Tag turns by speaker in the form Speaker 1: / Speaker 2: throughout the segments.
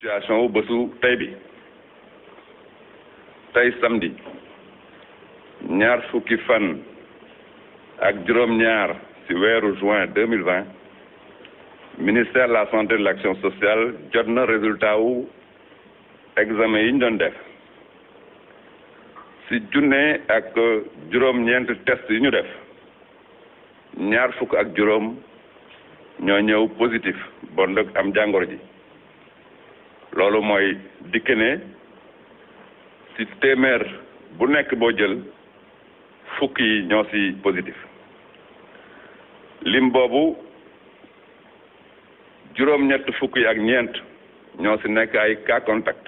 Speaker 1: situation wu bésu tey bi tey samedi ñaar fukki fan ak juróom-ñaar ci weeru juin deux mille vingt ministère de la santé de l'action sociale jot na résultat wu examen yi ñu doon def ci junne ak juróom-ñeent test yi ñu def ñaar fukk ak juróom ñoo ñëw positif bon nag am jàngoro ji loolu mooy dikk ne téeméer bu nekk boo jël fukki ñoo ci positif lim boobu juróom-ñett fukk yi ak ñeent ñoo ci nekk ay cas contact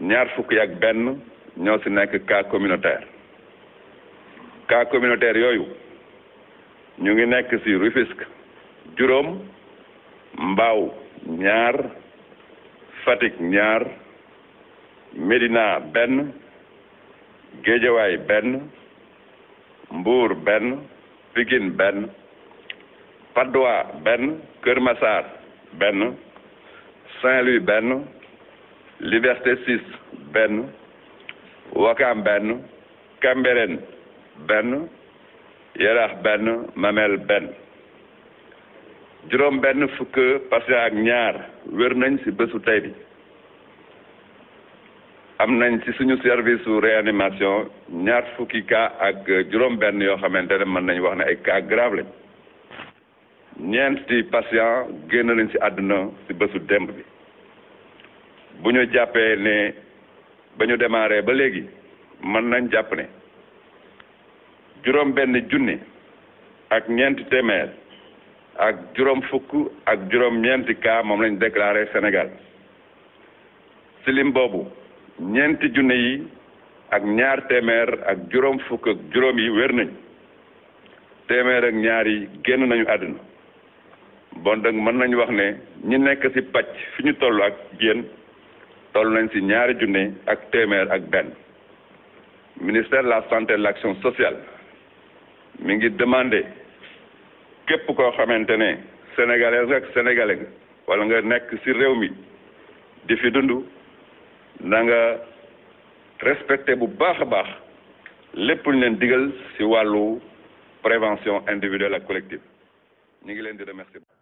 Speaker 1: ñaar fukk ak benn ñoo ci nekk cas communautaire cas communautaire yooyu ñu ngi nekk ci Rufisque juróom mbaaw ñaar Fatick ñaar Médina benn Géejawaay benn Mbour benn Pikine benn Patte d'Oie benn Kër Saint-Louis benn Liberté 6 benn Ouakam benn Cambérène benn Yarax benn Mamel benn juróom benn fukk patient ak ñaar wér nañ ci bésu tey bi am nañ ci suñu service su réanimation ñaar fukki cas ak juróom benn yoo xamante ne mën nañ wax ne ay cas grave lañ ñeenti patient génn nañ ci àdduna ci bésu démb bi bu ñu jàppee ne ba ñu démarré ba léegi mën nañ jàpp ne juróom benn junni ak ñeenti téeméer ak juróom fukk ak juróom ñeenti cas moom lañ déclaré Sénégal ci boobu ñeenti junne yi ak ñaar téeméer ak juróom fukk ak juróom yi wér nañ téeméer ak ñaar yi génn nañu àdduna bon donc mën nañu wax ne ñi nekk ci paj fi ñu toll ak génn toll nañ ci ñaari junne ak téeméer ak benn ministère de la santé et de l'action sociale mi ngi demandé képp koo xamante ne sénégalais ak sénégalais wala nga nekk ci réew mi di fi dund na nga respecté bu baax a baax lépp lu leen digal ci wàllu prévention individuelle ak collective ñu ngi leen di remercier.